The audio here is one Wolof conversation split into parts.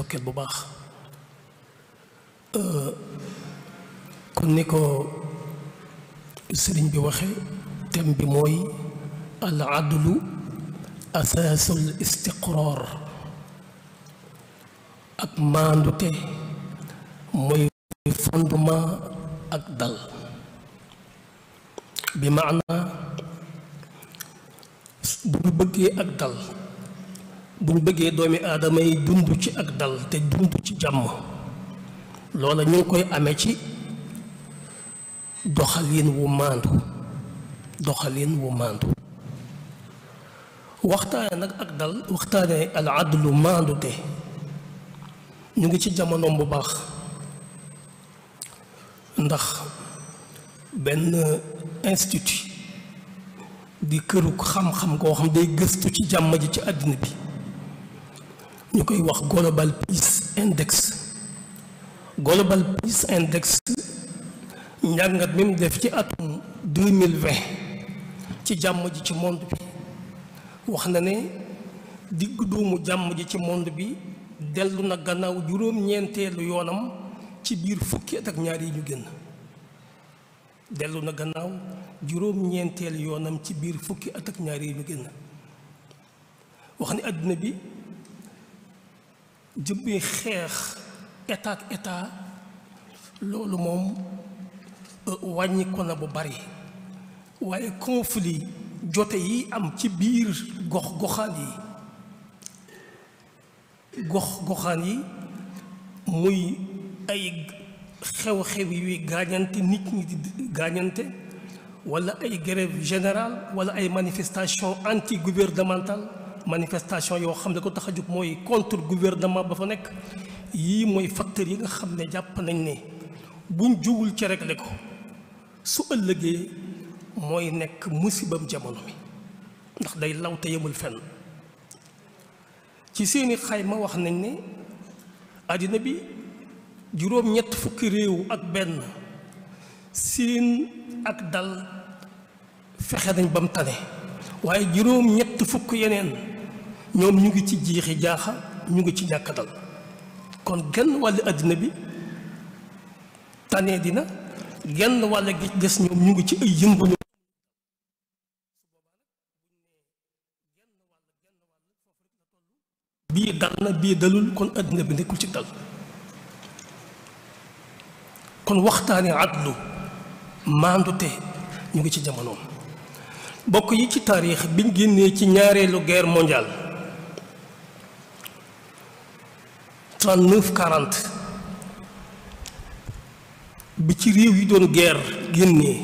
ndokkeel bu baax euh, comme ni ko sëriñ bi waxe thème bi mooy al adlu asaasul istiqraar ak maandute mooy fondement ak dal bi maanaa bu ñu bëggee ak dal bu ñu bëggee doomi aadama yi dund ci ak dal te dund ci jàmm loola ñu ngi koy amee ci doxalin wu maandu doxalin wu maandu waxtaane nag ak dal waxtaane al adlu maandu te ñu ngi ci jamonoom bu baax ndax benn institut di këru xam-xam koo xam day gëstu ci jàmm ji ci àddina bi ñu koy wax global peace index global peace index njàngat mi mu def ci atum deux ci jàmm ji ci monde bi wax na ne diggu doomu jàmm ji ci monde bi dellu na gannaaw juróom-ñeenteelu yoonam ci biir fukki at ak ñaar ñu génn dellu na gannaaw juróom yoonam ci biir fukki at ak ñaar yi wax ne àdduna bi. jëbbee xeex état état loolu moom euh, wàññi na bu bari waaye conflit jote yi am ci biir gox goxaan yi gox goxaan yi muy ay xew-xew yuy gaañante nit ñi di gaañante wala ay grève général wala ay manifestation anti gouvernementale manifestation yoo xam ne ko tax a jóg mooy contre gouvernement ba fa nekk yii mooy facteurs yi nga xam ne jàpp nañ ne buñ jugul ci régler ko su ëllëgee mooy nekk musibam jamono mi ndax day law te fenn ci seeni xayma wax nañ ne àddina bi juróom ñett fukki réew ak benn siin ak dal fexe nañ ba mu tane waaye juróom ñett fukk yeneen ñoom ñu ngi ci jiixi jaaxa ñu ngi ci ñàkk kon genn wàllu àddina bi tane dina genn wàll gi des ñoom ñu ngi ci ay yëngu bii dal na bii dalul kon àddina bi nekkul ci dal kon waxtaane adlu maandute ñu ngi ci jamonoom bokk yi ci taarix biñ génnee ci ñaareelu guerre mondiale 39 bi ci réew yi doon guerre génnee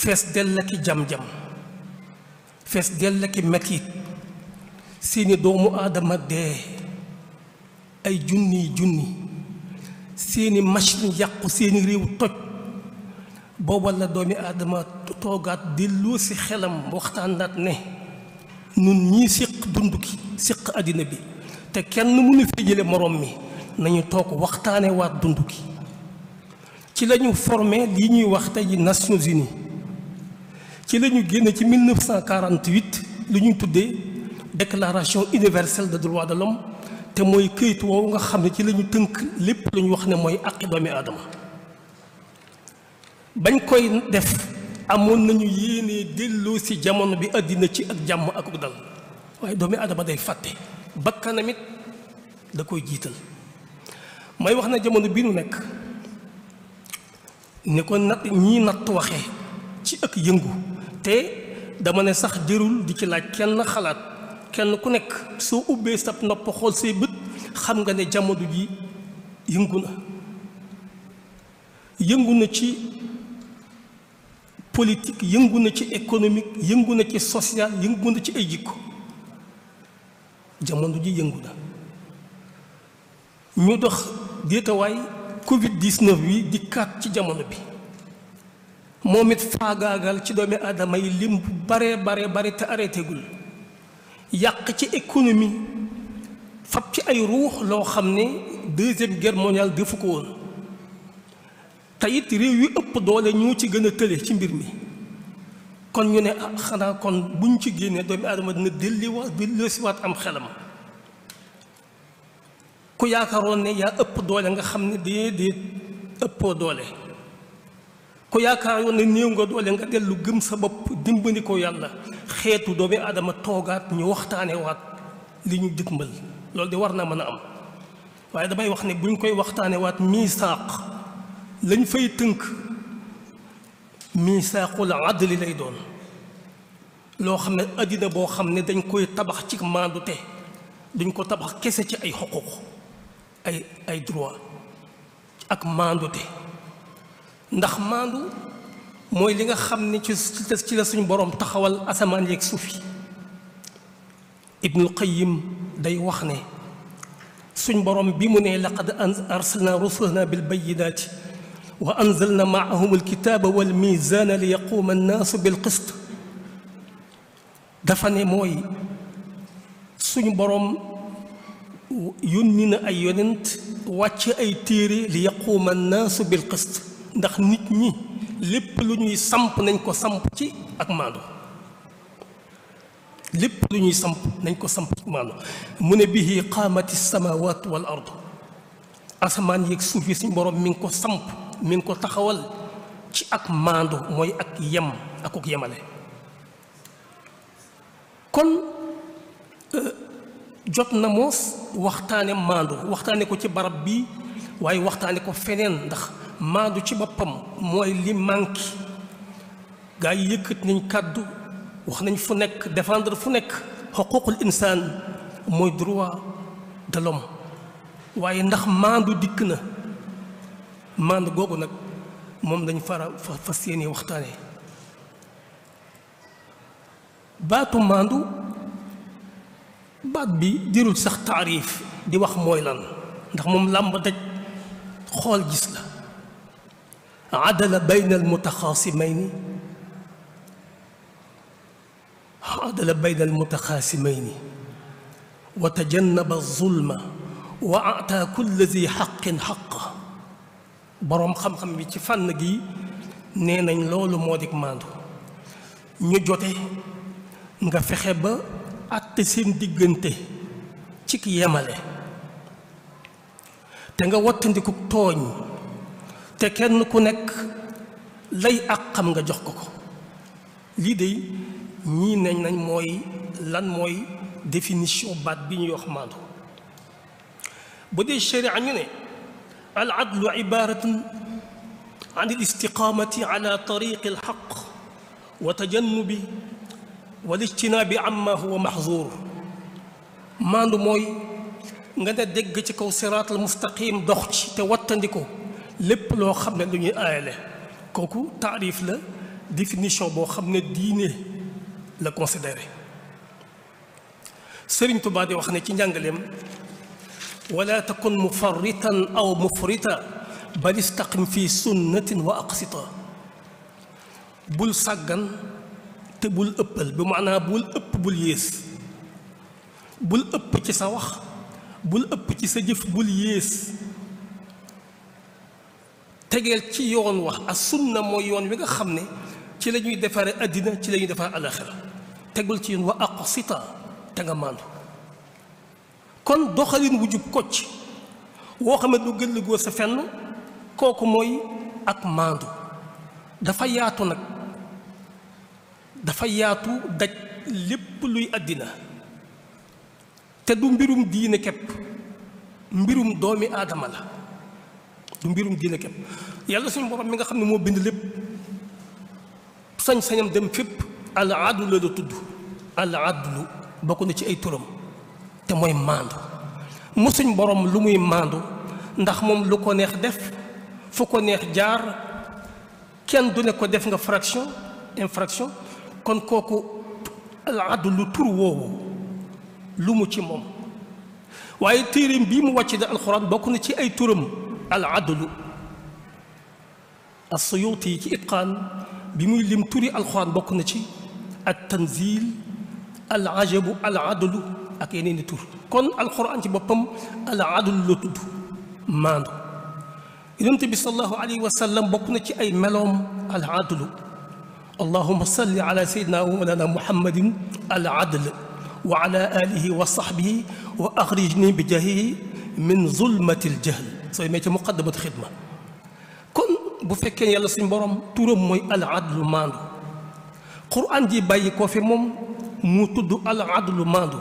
fees dell ak i jam-jam fees dell ak i metit seeni doomu aadama dee ay junniy junni seeni machine yàqu seeni réew toj booba la doomi aadama toogaat delloo ci xelam waxtaan ne nun ñii séq dund ki séq àddina bi te kenn mënu fi jële morom mi nañu toog waxtaane waat dund gi ci lañu forme formé ñuy wax tey Nations uni ci la ñu génn ci 1948 lu ñuy tuddee déclaration universelle des droits de l'homme te mooy këyit woowu nga xam ne ci lañu tënk lépp lu ñu wax ne mooy àqi doomi aadama bañ koy def amoon nañu yéene delloo si jamono bi àddina ci ak jàmm ak dal waaye doomi aadama day fàtte bakkanamit da koy jiital may wax na jamono bii nu nekk ni ko natt ñii natt waxee ci ak yëngu te dama ne sax jërul di ci laaj kenn xalaat kenn ku nekk soo ubbee sab nopp xool say bët xam nga ne jamono ji yëngu na yëngu na ci politique yëngu na ci économique yëngu na ci social yëngu na ci ay jikko jamono ji yëngu na ñu dox déetawaay Covid 19 bi di kaat ci jamono bi moom it faagaagal ci doomi aadama yi lim bu bare bare bare te arrêté gul yàq ci économie fab ci ay ruux loo xam ne deuxième guerre mondiale defu ko woon te it réew yu ëpp doole ñoo ci gën a tële ci mbir mi. kon ñu ne ah xanaa kon buñ ci génnee doomu aadama dina delliwaat bi waat am xelam ku yaakaaroon ne yaa ëpp doole nga xam ne déedéet ëppoo doole ku yaakaaroon ne néew nga doole nga dellu gëm sa bopp dimbali ko yàlla xeetu doomu aadama toogaat ñu waat li ñu dëkkmal loolu de war naa mën a am waaye damay wax ne buñ koy waxtaanewaat miisaaq lañ fay tënk misaaqul adli lay doon loo xam ne addina boo xam ne dañ koy tabax ci maandute dañ ko tabax kese ci ay xuquq ay droit ak maandute ndax maandu mooy li nga xam ne ci ci la suñu borom taxawal asamaan yeeg suuf yi ibnul qayim day wax ne suñ borom bi mu ne laqad arsalna rusulana bil bayyinaati wa na maahum alkitaaba wal miizaana li yaquuma annaasu bil qist dafa ne mooy suñu boroom yónni na ay yonant wàcc ay téere li yaquuma annaasu bil qist ndax nit ñi lépp lu ñuy samp nañ koo samp ci ak maandu lépp lu ñuy samp nañ ko samp ci maandu mu ne bihi qaamati samaawaat wal ard asamaan yeeg suuf yi mi ngi ko samp mi ngi ko taxawal ci ak maandu mooy ak yem akuk yemale kon euh, jot na moos waxtaane maandu waxtaane ko ci barab bi waaye waxtaane ko feneen ndax maandu ci boppam mooy li manqué gaa yi yëkkat nañ kàddu wax nañ fu nekk défendre fu nekk xuququl insaan mooy droit de waaye ndax maandu dikk na mànd googu nag moom dañ fara fas yéene waxtaane baatu màndu baat bi jërul sax taarif di wax mooy lan ndax moom làmb daj xool gis la adala bayna almutaxaasimayni adala bayna almutaxaasimayni wa tajannaba zulma wa ataa kulla zi xaqin xaqa boroom xam-xam bi ci fànn gi nee nañ loolu moo di maandu ñu jote nga fexe ba àtte seen diggante ci ki yemale te nga wattandiku tooñ te kenn ku nekk lay ak xam nga jox ko ko lii de ñii nañ nañ mooy lan mooy définition baat bi ñuy wax maandu bu dee sharia ñu ne العدل عبارة عن الاستقامة على طريق الحق وتجنب والاجتناب عما هو محظور maandu mooy nga ne dégg ci kaw siraatal mustaqim dox ci te wattandiku lépp loo xam ne lu ñuy aayale kooku taarif la définition boo xam ne diine la considéré Sëriñ Tuubaa di wax ne ci njàngaleem wala takun mufarritan aw mufrita bal istaqim fi sunnatin wa aqsita bul sàggan te bul ëppal bi maanaa bul ëpp bul yées bul ëpp ci sa wax bul ëpp ci sa jëf bul yées tegeel ci yoon wax as sunna mooy yoon wi nga xam ne ci lañuy ñuy defaree àddina ci la ñuy defar alaxira tegul ci yoon wa aqsita te nga maandu kon doxalin wu jub kocc woo xam ne du gëllëgoo sa fenn kooku mooy ak maandu dafa yaatu nag dafa yaatu daj lépp luy àddina te du mbirum diine kepp mbirum doomi aadama la du mbirum diine kepp yàlla suñu borom mi nga xam ne moo bind lépp sañ-sañam dem fépp al la tudd al adlu na ci ay turam te mooy maandu mosuñ borom lu muy maandu ndax moom lu ko neex def fu ko neex jaar kenn du ne ko def nga fraction infraction kon kooku aladu lu tur woowu lu mu ci moom waaye téerim bii mu wàcc da alxuraan bokk na ci ay turam aladlu asuyuuti yi ci itqaan bi muy lim turi alxuraan bokk na ci at tanzil alajabu aladlu ak yeneen i tur kon alquran ci boppam al adl la tudd maandu yonent bi sallallahu alayhi wa sallam bokk na ci ay meloom al adlu allahuma salli ala sayyidina wa mawlana muhammadin al adl wa ala alihi wa sahbihi wa axrijni bi jaahihi min zulmati al jahl sooy mee ci muqaddamat xidma kon bu fekkee yàlla suñ borom turam mooy al adlu maandu quran ji bàyyi koo fi moom mu tudd al adlu maandu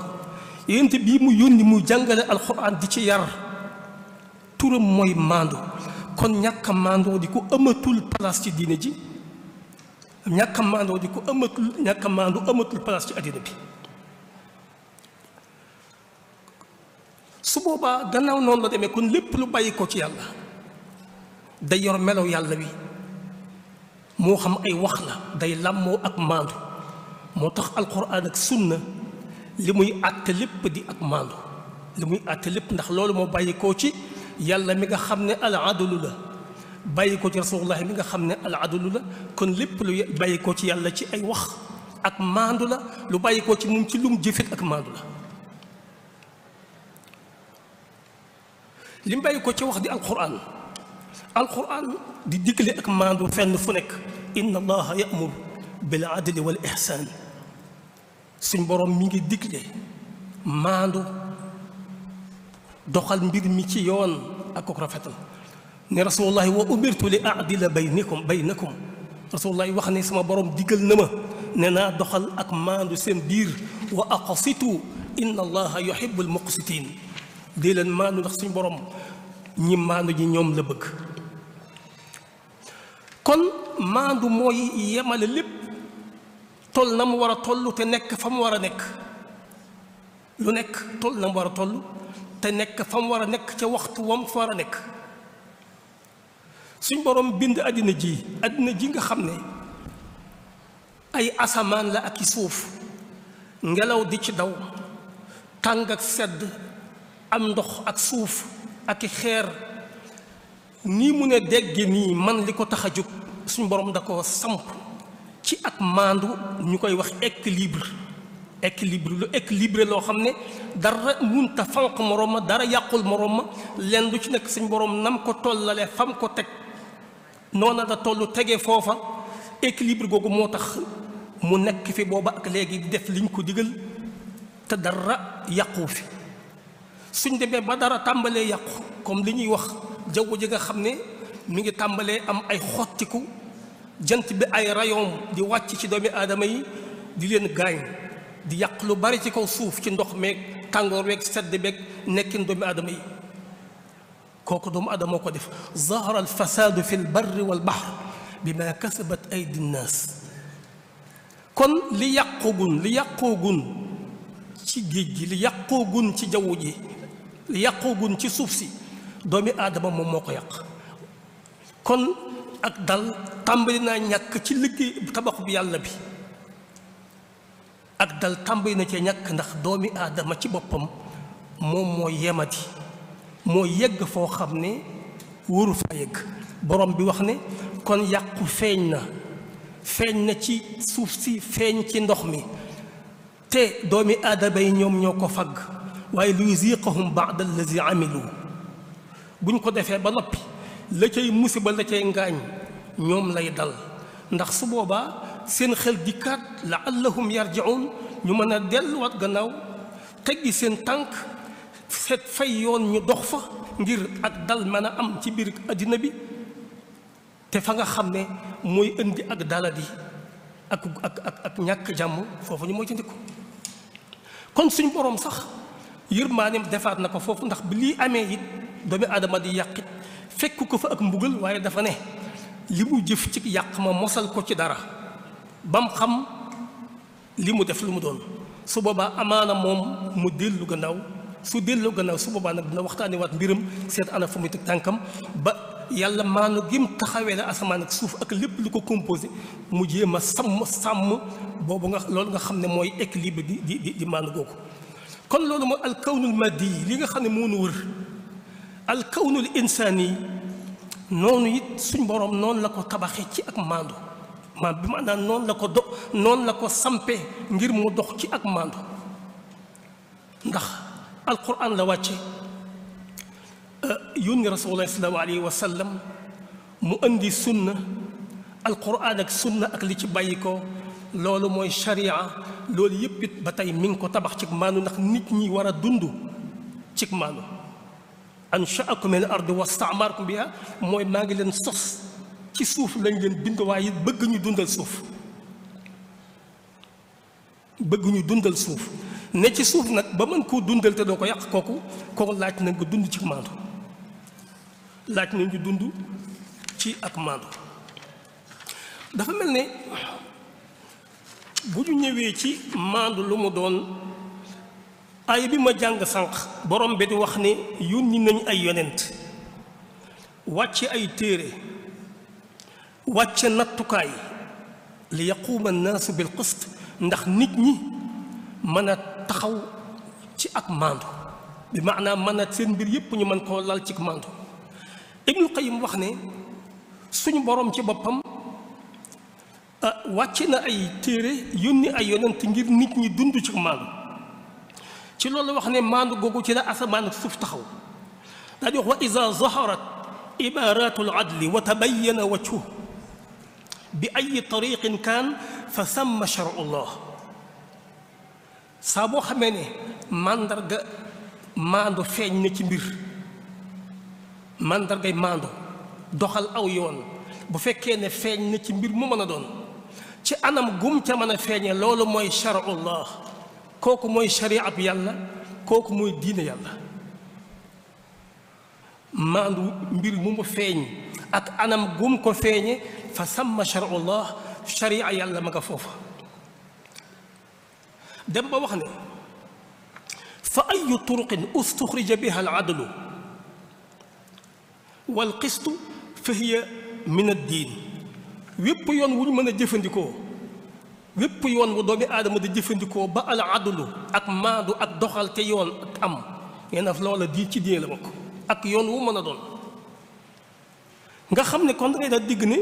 yonent bii mu yónni mu jàngale alxuraan di ci yar turam mooy maandu kon ñàkk maandoo di ko ëmmatul place ci diine ji ñàkk a maandoo di ko ëmmatul ñàkk a maandu ëmmatul place ci àddina bi su boobaa gannaaw noonu la demee kon lépp lu bàyyi ko ci yàlla day yor melow yàlla wi moo xam ay wax la day làmmoo ak maandu moo tax alxuraan ak sunna li muy àtte lépp di ak maandu li muy àtte lépp ndax loolu moo bàyyi ci yàlla mi nga xam ne al adlu la bàyyi ko ci rasulullah mi nga xam ne al adlu la kon lépp lu bàyyi ci yàlla ci ay wax ak maandu la lu bàyyi koo ci moom ci lum jëfit ak maandu la li mu bàyyi ko ci wax di alquran alquran di digle ak maandu fenn fu nekk inna allaha yamuru bil adli wal ihsan suñ boroom mi ngi digle maandu doxal mbir mi ci yoon ak ko rafetal ne rasulullahi wa umirtu li aadila baynikum baynakum rasulullahi wax ne sama borom digal na ma ne naa doxal ak maandu seen biir wa aqsitu inna allaha yuhibbul muqsitin dee leen maandu ndax ji ñoom la bëgg kon maandu mooy yemale lépp toll na mu war a toll te nekk fa mu war a nekk lu nekk toll na mu war a toll te nekk fa mu war a nekk ca waxtu wam fa war a nekk suñ borom bind àddina ji àddina ji nga xam ne ay asamaan la ak i suuf ngelaw di ci daw tàng ak sedd am ndox ak suuf ak i xeer nii mu ne dégg nii man li ko tax a jóg suñ borom da ko samp ci ak maandu ñu koy wax équilibre équilibre lu équilibré loo xam ne dara munta fanq moroom ma dara yàqul moroom ma lenn lu ci nekk suñ borom nam ko tollale fam ko teg noona la tollu tege foofa équilibre googu moo tax mu nekk fi booba ak léegi def liñ ko digal te dara yàqu fi suñ demee ba dara tàmbalee yàqu comme li ñuy wax jaww ji nga xam ne mu ngi tàmbalee am ay xottiku jant bi ay rayon di wàcc ci doomi aadama yi di leen gaañ di yàq lu bari ci kaw suuf ci ndox meeg tàngoor weeg sedd beeg nekkin doomi aadama yi kooku doomu aadama ko def zahara alfasaadu fi lbarri walbahr bima kasabat aydi nnaas kon li yàqoogun li gun ci géej gi li yàqoogun ci jaww ji li yàqoogun ci suuf si doomi aadama moom moo ko yàq kon ak dal tàmbali naa ñàkk ci liggéey tabaxu bi yàlla bi ak dal tàmbali na cee ñàkk ndax doomi aadama ci boppam moom moo yemati moo yëgg foo xam ne waru faa yegg borom bi wax ne kon yàqu feeñ na feeñ na ci suuf si feeñ ci ndox mi te doomi aadama yi ñoom ñoo ko fagg waaye luy ziqahum la allazi amilu buñ ko defee ba noppi la cay musiba la cay ngaañ ñoom lay dal ndax su boobaa seen xel dikkaat la allahum yarjiun ñu mën a delluwaat gannaaw teggi seen tànk seet fay yoon ñu dox fa ngir ak dal mën a am ci biir àddina bi te fa nga xam ne mooy indi ak daladi ak ak ak ñàkk jàmm foofu ñu moytandiku kon suñ boroom sax yërmaaneem defaat na ko foofu ndax bi lii amee it doomi aadama di yàqit fekku ko fa ak mbugal waaye dafa ne li mu jëf ci yàq ma mosal ko ci dara ba mu xam li mu def lu mu doon su boobaa amaana moom mu dellu gannaaw su delloo gannaaw su boobaa nag dina waxtaanee waat mbiram seet ana fa muy teg tànkam ba yàlla maanu gim taxawee la asamaan ak suuf ak lépp lu ko composé mu jéem a sàmm sàmm boobu nga loolu nga xam ne mooy équilibre di di di maanu googu kon loolu mooy alkawnul maddi li nga xam ne moo nu wër alkawnul insaani noonu it suñ borom noonu la ko tabaxe ci ak maandu ma bi maanaam noonu la ko do noonu la ko sampe ngir mu dox ci ak maandu ndax alquran la wàcce euh, yónni rasulullah sallallahu alayhi wa sallam mu indi sunna alquran ak sunna ak li ci bàyyi ko loolu mooy sharia loolu yëpp it ba tey mi ngi ko tabax ci maandu ndax nit ñi war a dund ci maandu anshaakum min al-ard wastaamaarakum biha mooy maa ngi leen sos ci suuf lañ leen bind waaye bëgg ñu dundal suuf bëgg ñu dundal suuf ne ci suuf nag ba mën koo dundal te doo ko yàq kooku kooku laaj na nga dund ci maandu laaj na ñu dund ci ak maandu dafa mel ne bu ñu ñëwee ci maandu lu mu doon aay bi ma jàng sànq borom bi di wax ne yónni nañu ay yonent wàcce ay téere wàcce nattukaay li yaquuma annaasu bil qist ndax nit ñi mën a taxaw ci ak maandu bi maanaam mën a seen mbir yépp ñu mën koo lal ci maandu Ibnul Qayyim wax ne suñu borom ci boppam ah, wàcce na ay téere yónni ay yonent ngir nit ñi dund ci maandu ci loolu wax ne maandu googu ci la asamaan ak suuf taxaw daa di wax wa iza zaharat ibaratu al adli wa tabayana wajhu bi ay tariqin kaan fa samma charullah saa boo xamee ne màndarga maandu feeñ na ci mbir màndargay maandu doxal aw yoon bu fekkee ne feeñ na ci mbir mu mën a doon ci anam gum ca mën loolu mooy charullah kooku mooy shari'a bi yàlla kooku mooy diine yàlla maandu mbir mu mu feeñ ak anam gum ko feeñe fa samma shar'ullah shari'a yàlla ma nga foofa dem wax ne fa ayu turuqin ustuxrija biha aladlu walqistu fa hiya min ad diin wépp yoon wu ñu mën a jëfandikoo wépp yoon wu doomi aadama di jëfandikoo ba al adlu ak maandu ak doxal te yoon ak am nee na loola di ci dee la bokk ak yoon wu mën a doon nga xam ne kon ngay daal digg ne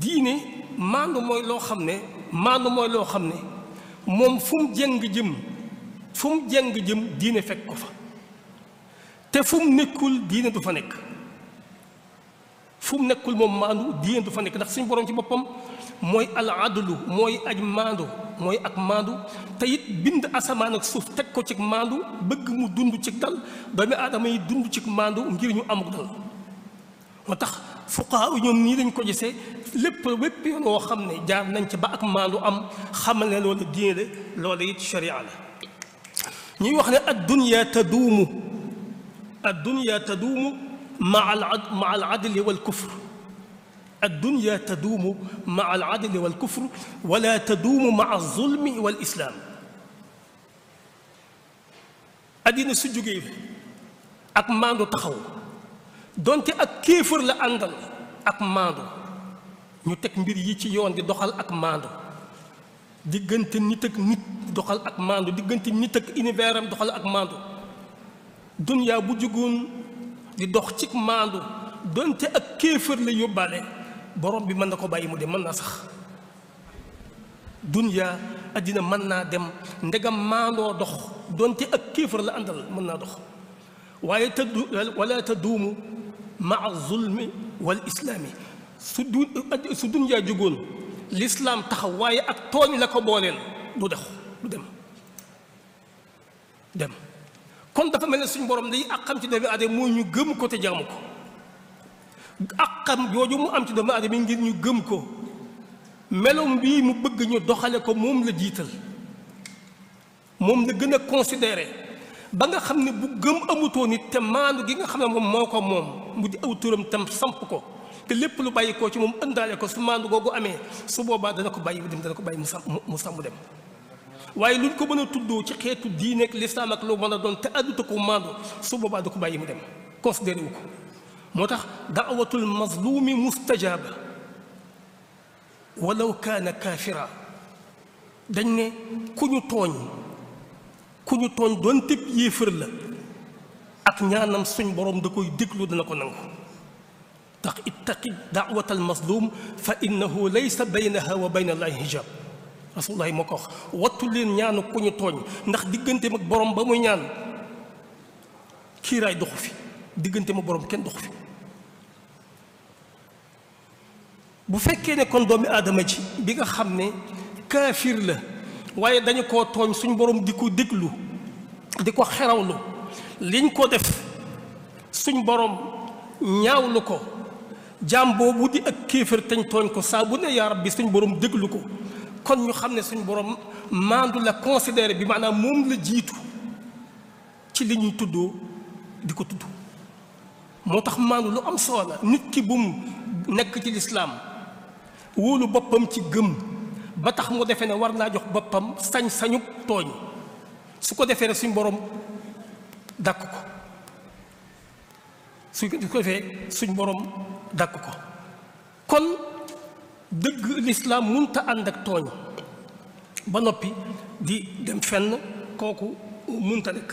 diine maandu mooy loo xam ne maandu mooy loo xam ne moom fu mu jëng jëm fu mu jëm diine fekk ko fa te fu mu nekkul diine du fa nekk fu nekkul moom maandu diine du fa nekk ndax suñu boroom ci boppam mooy al adlu mooy aj maandu mooy ak maandu te bind asamaan ak suuf teg ko ci maandu bëgg mu dund ci dal doomi aadama yi dund ci maandu ngir ñu amuk dal moo tax fuqaha ñoom nii lañ ko gisee lépp wépp yoon woo xam ne jaar nañ ci ba ak maandu am xamal ne loolu diine la loolu it sharia la ñuy wax ne ad dunya taduumu ad dunya taduumu maa al adli wal kufr addunya taduumu ma al adli wal kufr wala taduumu ma al zulmi wal islaam addina su jógee ak maandu taxaw donte ak kéefër la àndal ak maandu ñu teg mbir yi ci yoon di doxal ak maandu diggante nit ak nit doxal ak maandu diggante nit ak univers doxal ak maandu dunya bu jógoon di dox ci maandu donte ak kéefër la yóbbaale borom bi mën na ko bàyyi mu de mën naa sax dunya àddina mën naa dem ndegam maandoo dox donte ak kéefar la àndal mën naa dox waaye tëddu wala tëdduumu maa zulmi wal islaami su du su lislaam taxaw waaye ak tooñ la ko booleel du dox du dem dem kon dafa mel ne suñu borom day ak xam ci doomi aadama moo ñu gëm ko te jaamu ko àqam jooju mu am ci doomu aadama ngir ñu gëm ko meloom bii mu bëgg ñu doxale ko moom la jiital moom na gën a considéré ba nga xam ne bu gëm amutoo nit te maandu gi nga xam ne moom moo ko moom mu di aw turam tam samp ko te lépp lu bàyyi koo ci moom ëndaale ko su maandu googu amee su boobaa dana ko bàyyi dem dana ko bàyyi mu sam mu dem waaye luñ ko mën a tuddoo ci xeetu diine ak lislaam ak lu a doon te àdduta ko maandu su boobaa da ko bàyyi mu dem considéré wu ko moo tax daawatul mazlumi mustajaaba walaw kaan kaafira dañ ne kuñu tooñ ku ñu tooñ doon tëb yéefër la ak ñaanam suñ borom da koy déglu dana ko nangu tax ittaqi daawatal mazlum fa innahu laysa baynaha wa bayna allahi hijab rasulullah moo ko wax wattu leen ñaanu ku ñu tooñ ndax diggante mag borom ba muy ñaan kiiraay doxu fi diggante ma borom kenn doxu fi bu fekkee ne kon doomi aadama ji bi nga xam ne kaafir la waaye dañu ko tooñ suñ boroom di ko déglu di ko xerawlu liñ ko def suñ borom ñaawlu ko jaam boobu di ak kéefër tañ tooñ ko saa ne yaa bi suñ boroom déglu ko kon ñu xam ne suñ boroom maandu la considere bi maanaam moom la jiitu ci li ñuy tuddoo di ko tudd moo tax maandu lu am solo la nit ki bum nekk ci lislaam wóolu boppam ci gëm ba tax mu defee ne war naa jox boppam sañ-sañu tooñ su ko defee suñ borom dàkk ko su ko defee suñ borom dàkk ko kon dëgg lislaam munta ànd ak tooñ ba noppi di dem fenn kooku munta nekk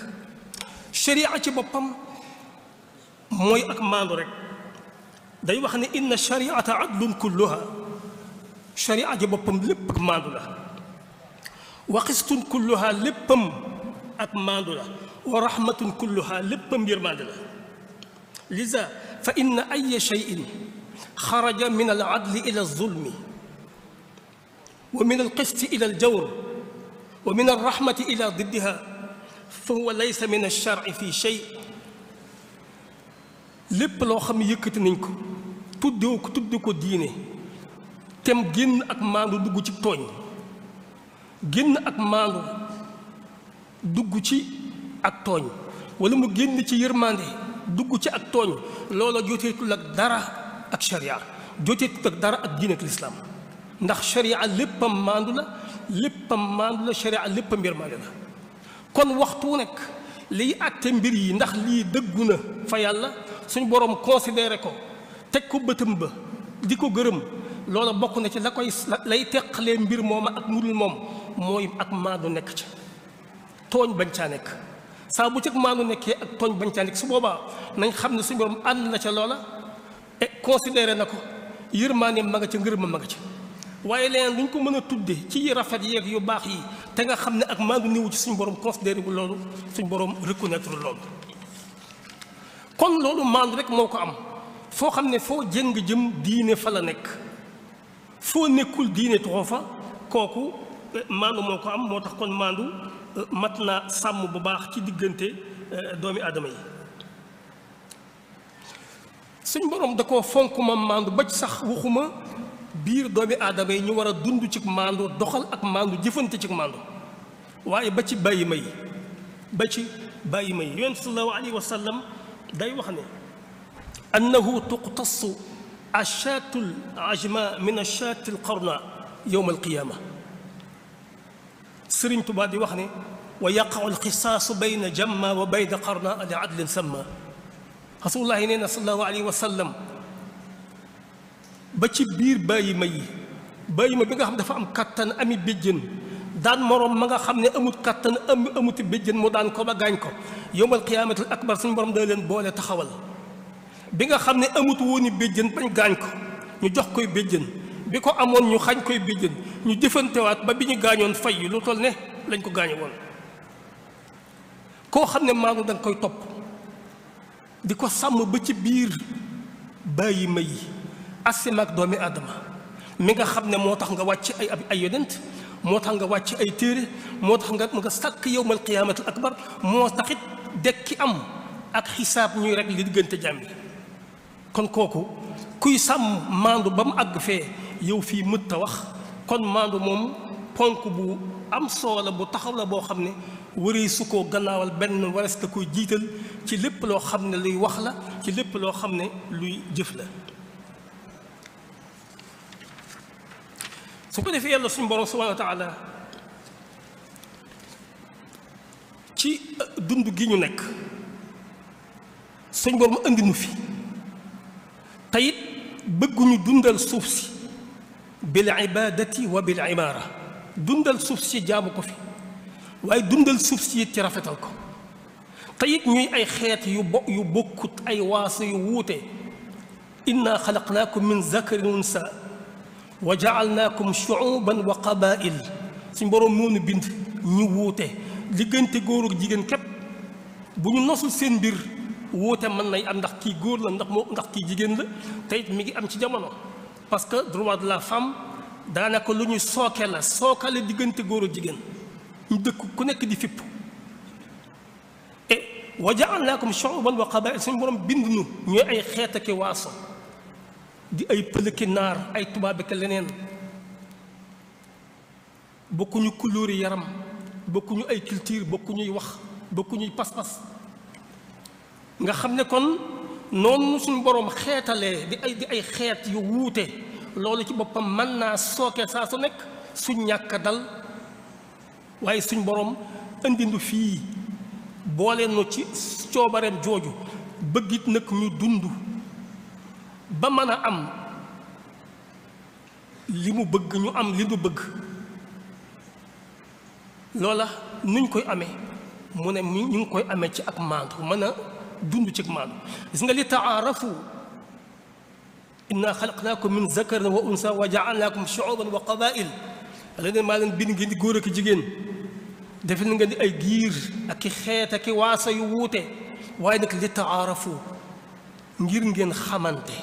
sharia ci boppam mooy ak maandu rek day wax ne inna shariata adlun kulluha sharia ji boppam lépp ak maandu la waxistun kulluha léppam ak maandu la wa rahmatun kulluha léppam yërmaande la lisa fa inna aya cheyin xaraja min al adli ila alzulmi wa min alqisti ila aljawr wa min alrahmati ila diddiha fa huwa laysa min alcharci fi chey lépp loo xam ne yëkkati nañ ko tuddew ko tudde ko diine tem génn ak maandu dugg ci tooñ génn ak maandu dugg ci ak tooñ walla mu génn ci yërmande dugg ci ak tooñ loola joteetul ak dara ak sharia joteetul ak dara ak diine ak lislaam ndax sharia léppam maandu la léppam maandu la sharia léppam yërmande la kon waxtu nekk liy àtte mbir yi ndax lii dëggu na fa yàlla suñu boroom considéré ko teg ko bëtam ba di ko gërëm loola bokk na ci la koy lay teqalee mbir mooma ak murul moom mooy ak maandu nekk ca tooñ bañ caa nekk saa bu cëg maandu nekkee ak tooñ bañ caa nekk su boobaa nañ xam ne suñu borom ànd na ca loola e considéré na ko yërmaandeem ma nga ca ngërëm ma nga ca waaye leen lu ñu ko mën a tuddee ci rafet yeeg yu baax yi te nga xam ne ak maandu niwu ci suñ borom considéré wu loolu suñu borom reconnaître loolu kon loolu maandu rek moo ko am foo xam ne foo jëng jëm diine fa la nekk foo nekkul diine tuxoo fa kooku euh, maandu moo ko am moo tax kon maandu euh, mat naa sàmm bu baax ci diggante euh, doomi aadama yi suñ borom da koo fonk ma maandu ba ci sax waxuma biir doomi aadama yi ñu war a dund ci maandu doxal ak maandu jëfante ci maandu waaye ba ci bàyyi ma yi ba ci bàyyi ma yi yonent sallallahu alayhi wa sallam day wax ne toq tuqtasu ashaatul ajma min ashaatil qarna yowmal qiyaama Sëriñ Tuubaa di wax ne wa yaqau alxisaasu bayna jamma wa bayna qarna li adlin samma rasulullahi nee na sallallahu alayhi wa sallam ba ci biir bàyyi ma yi bàyyi ma bi nga xam dafa am kattan ami béjjën daan moroom ma nga xam ne amut kattan am amuti béjjën mu daan ko ba gaañ ko yowmal qiyaamatul akbar suñu borom da leen boole taxawal bi nga xam ne amut wooni béjjën bañ gaañ ko ñu jox koy béjjën bi ko amoon ñu xañ koy béjjën ñu jëfantewaat ba bi ñu gaañoon fay yi lu toll ne lañ ko gaañe woon koo xam ne maanu danga koy topp di ko sàmm ba ci biir bàyyi ma yi asimaak doomi aadama mi nga xam ne moo tax nga wàcc ay ab ay yonent moo tax nga wàcc ay téere moo tax nga nga sàkk yowmal qiyaamatul akbar moo taxit dekki am ak xisaab ñuy rek li diggante jàmm kon kooku kuy sàmm maandu ba mu àgg fee yow fii mët a wax kon maandu moom ponk bu am solo la bu taxaw la boo xam ne wëri su koo gannaawal benn wares ka koy jiital ci lépp loo xam ne luy wax la ci lépp loo xam ne luy jëf la su ko defee yàlla suñu borom subhanahu wa ci dund gi ñu nekk suñ borom andi nu fi teyit bëgguñu dundal suuf si bil ibaadati wa bil imaara dundal suuf si jaamu ko fi waaye dundal suuf si it ci rafetal ko teyit ñuy ay xeet yu bokkut ay waasa yu wuute inna xalaqnaakum min zakarin wa unsa wa jaalnaakum shuuban wa qabail suñ boroom moonu bind ñu wuute diggante góoru ak jigéen képp bu ñu nosul seen mbir wuute mën nay am ndax kii góor la ndax moo ndax kii jigéen la tey it mi ngi am ci jamono parce que droit de la femme daanaka lu ñuy sooke la sookale diggante góor a jigéen ñu dëkk ku nekk di fipp e wa ja'alnaakum shu'uban ba qabaa'ila suñu borom bind nu ñooy ay xeet ak waaso di ay pëlëki naar ay tubaab ak leneen bokkuñu couleur yaram bokkuñu ay culture bokkuñuy wax bokkuñuy pas-pas nga xam ne kon noonu suñu boroom xeetalee di ay di ay xeet yu wuute loolu ci boppam mën naa sooke saa su nekk suñ ñàkk dal waaye suñ borom indindu fii boole nu ci coobareem jooju bëggit nag ñu dund ba mën a am li mu bëgg ñu am li nu bëgg loola nuñ koy amee mu ne ñu ngi koy amee ci ak maandu mën a dund ci maandu gis nga li taarafu inna xalaqnaakum min zakarin wa unsa wa jaalnaakum shuuban wa qabail la ne maa leen bind ngeen di góor jigéen defal ngeen di ay giir ak i xeet waasa yu wuute waaye nag li taarafu ngir ngeen xamante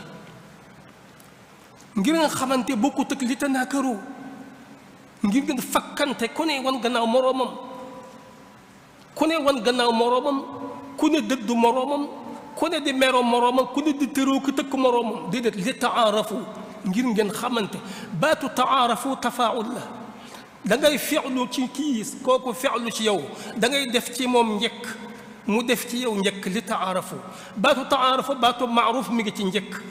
ngir ngeen xamante bokkut ak li tanaakaru ngir ngeen fakkante ku ne wan gannaaw moroomam ku wan gannaaw moroomam ku ne dëgg du moroomam ku ne di meroo moroomam ku ne di tëroo li taarafu ngir ngeen xamante baatu taarafu tafaawul la da ngay fexlu ci kii kooku fexlu ci yow da def ci moom njëkk mu def ci yow njëkk li taarafu baatu taarafu baatu maaruf mi ngi ci njëkk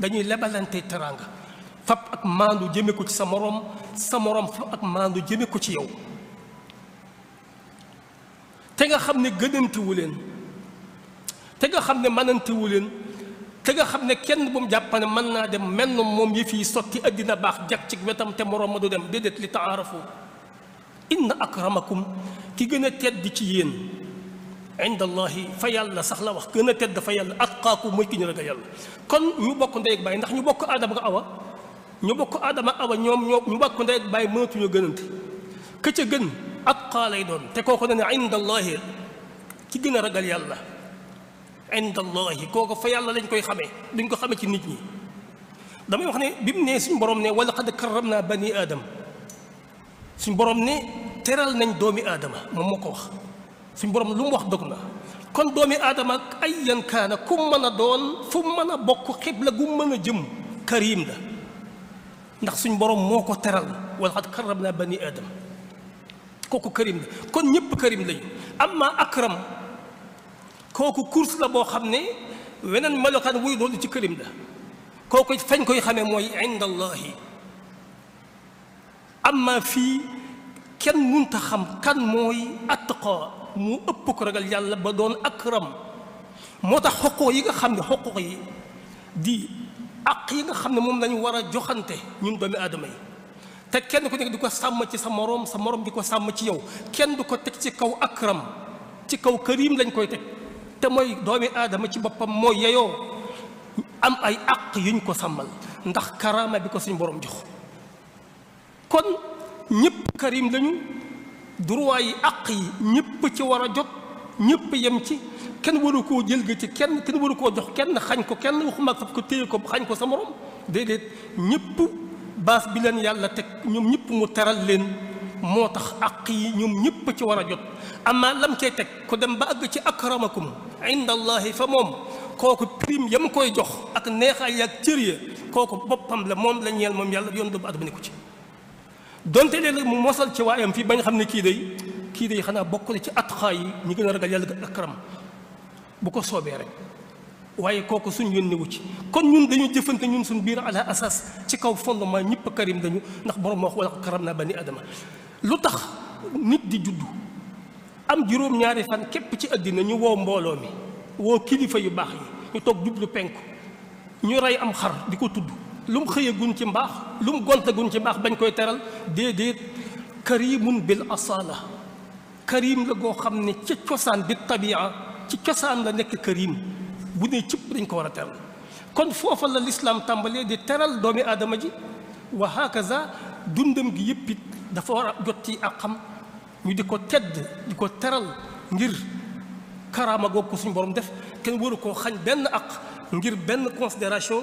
dañuy lebalante teraanga fab ak maandu jëme ko ci sa moroom sa moroom fab ak maandu jëme ko ci yow te nga xam ne gënantiwu leen te nga xam ne mënantewu leen te nga xam ne kenn bu mu jàpp ne mën naa dem mel na moom yëf yi sotti addina baax jag ci wetam te moroom ma du dem déedéet li taarafu inna akramakum ki gën a tedd ci yéen inda allahi fa yàlla sax la wax gën a tedd fa yàlla atqaaku mooy ki ñu ragal yàlla kon ñu bokk ndey ak baay ndax ñu bokk aadama ak awa ñu bokk aadama awa ñoom ñoo ñu bokk ndey ak baay mënatuñu gënante ka ca gën atqaa lay doon te kooku ne ne inda allahi ki gën a ragal yàlla indallahi kooku fa yàlla lañ koy xamee duñ ko xamee ci nit ñi damay wax ne bi mu ne suñ borom ne wala xad karram naa bani aadama suñ borom ne teral nañ doomi aadama moom moo ko wax suñ borom lu mu wax dog na kon doomi aadama ay yan kaana ku mën a doon fu mën a bokk xibla gu mën a jëm karim la ndax suñ borom moo ko teral wala xad karram naa bani aadama kooku karim la kon ñëpp karim lañu amma akram kooku course la boo xam ne weneen melokaan wuy loolu ci kërim la kooku fañ koy xamee mooy inda allahi amma fii kenn munta xam kan mooy attaqaa mu ëpp ko ragal yàlla ba doon akram moo tax xoqoo yi nga xam ne xoqoo yi di àq yi nga xam ne moom lañu war a joxante ñun doomi aadama yi te kenn ku nekk di ko sàmm ci sa moroom sa moroom di ko sàmm ci yow kenn du ko teg ci kaw akram ci kaw karim lañ koy teg te mooy doomi aadama ci boppam moo yeyoo am ay àq yuñ ko sàmmal ndax karaama bi ko suñ boroom jox kon ñëpp karim lañu droit yi àq yi ñëpp ci war a jot ñëpp yem ci kenn waru koo jëlgati kenn kenn waru koo jox kenn xañ ko kenn waxuma sax ko téye ko xañ ko sa morom déedéet ñëpp baas bi leen yàlla teg ñoom ñëpp mu teral leen moo tax àq yi ñoom ñëpp ci war a jot amaa lam cay teg ku dem ba àgg ci akramakum inda allahi fa moom kooku prime yam koy jox ak neexaay ak cër ya kooku boppam la moom la ñeel moom yàlla yoon doomu adama ne ko ci donte léeg-léeg mu mosal ci waayam fii bañ xam ne kii day kii day xanaa bokk ci atxaa yi ñu gën a ragal yàlla ak bu ko soobee rek waaye kooku suñ yónni wu ci kon ñun dañuy jëfante ñun suñ biir ala asas ci kaw fondement ñëpp karim dañu ndax borom wax wala karam naa bani adama lu tax nit di juddu am juróom-ñaari fan képp ci àddina ñu woo mbooloo mi woo kilifa yu baax yi ñu toog jublu penku ñu rey am xar di ko tudd lu mu xëyaguñ ci mbaax lu mu gontaguñ ci mbaax bañ koy teral déedéet karimun bil asala karim la goo xam ne ca cosaan bi tabia ci cosaan la nekk karim bu ne cëpp dañ ko war a teral kon foofa la lislaam tàmbalee di teral doomi aadama ji wa hakaza dundam gi yëpp it dafa war a jot ci ak xam ñu di ko tedd di ko teral ngir karaama googu ko suñu borom def kenn waru koo xañ benn ak ngir benn considération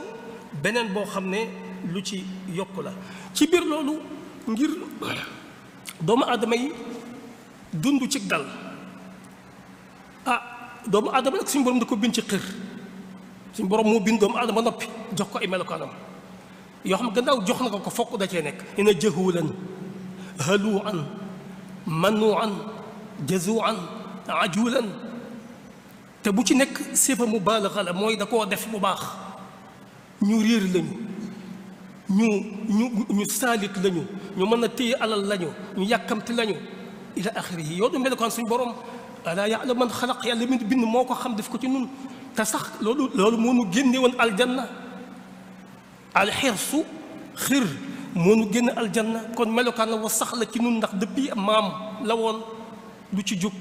beneen boo xam ne lu ci yokk la ci biir loolu ngir doomu adama yi dund ci dal ah doomu aadama nag suñu borom da ko bind ci xir suñu borom moo bind doomu aadama noppi jox ko ay melokaanam yoo xam gannaaw jox na ko ko fokk da cee nekk ina jëhulan halu an manuan jazuan ajulan te bu ci nekk sifa mubaalaxa la mooy da koo def bu baax ñu réer lañu ñu ñu ñu lañu ñu mën a téye alal lañu ñu yàkkamti lañu ila axirihi yow du melokaan suñu borom alaa ya'lam man xalaq yàlla mi bind moo ko xam def ko ci nun te sax loolu loolu moo nu génne woon aljanna alxirsu xir mënu génn aljanna kon melokaan wa sax la ci nun ndax depuis maam la woon du ci jub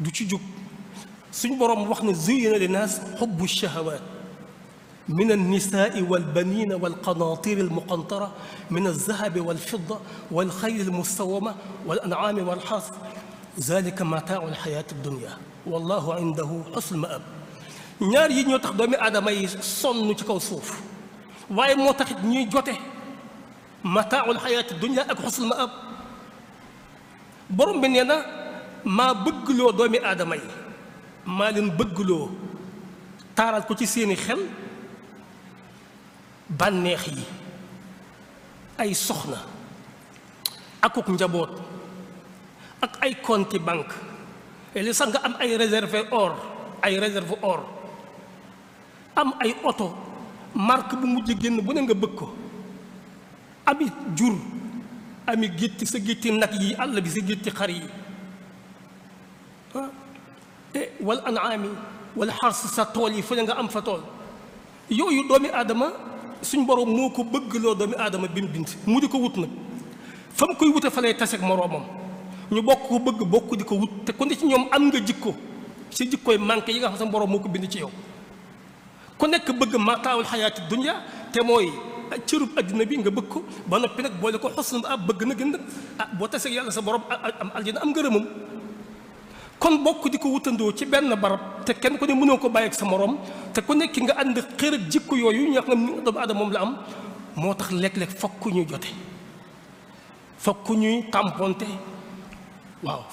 du ci jub suñ boroom wax ne zuyyina linnaas xubbu shahawaat min alnisaai walbanina walqanaatiri almuqantara min alzahabi walfidda walxayli almusawama walancaami walxaas zalika mataau alxayaati addunia wallahu indahu xusnul maab ñaar yi ñoo tax doomi aadama yi sonn ci kaw suuf waaye moo taxit ñuy jote mataaul xayaati dunya ak xusl ma ab borom bi nee na maa bëggloo doomi aadama yi maa leen bëgguloo taaral ko ci seeni xel bànneex yi ay soxna akuk njaboot ak ay compte banque li sax nga am ay réserve or ay réserve or am ay oto marque bu mujj génn bu ne nga bëgg ko ami jur ami gétti sa gétti nag yi àll bi sa gétti xar yi ah, te wal anaami wala xars sa tool yi fële nga am fa tool yow yooyu doomi adama suñ borom moo ko bëgg loo doomi aadama bi mu bind mu di ko wut nag fa mu koy wute fa lay taseeg moroomam ñu bokk ko bëgg bokk di ko wut te ku ne ci ñoom am nga jikko si jikkooy manqué yi nga xam sa borom moo ko bind ci yow ku nekk bëgg mataawul xayaati dunya te mooy cërub addina bi nga bëgg ko ba noppi nag boole ko xos na ah bëgg na gënd ah, boo tasee yàlla sa borom ah, am aljana am ngërëmam kon bokk di ko wutandoo ci benn barab te kenn ku ne mënoo ko bàyyi ak sa morom te ku nekk nga ànd xër ak yooyu ñoo xam ne doomu aadama moom la am moo tax léeg-léeg fokk ñuy jote fokk ñuy tamponte waaw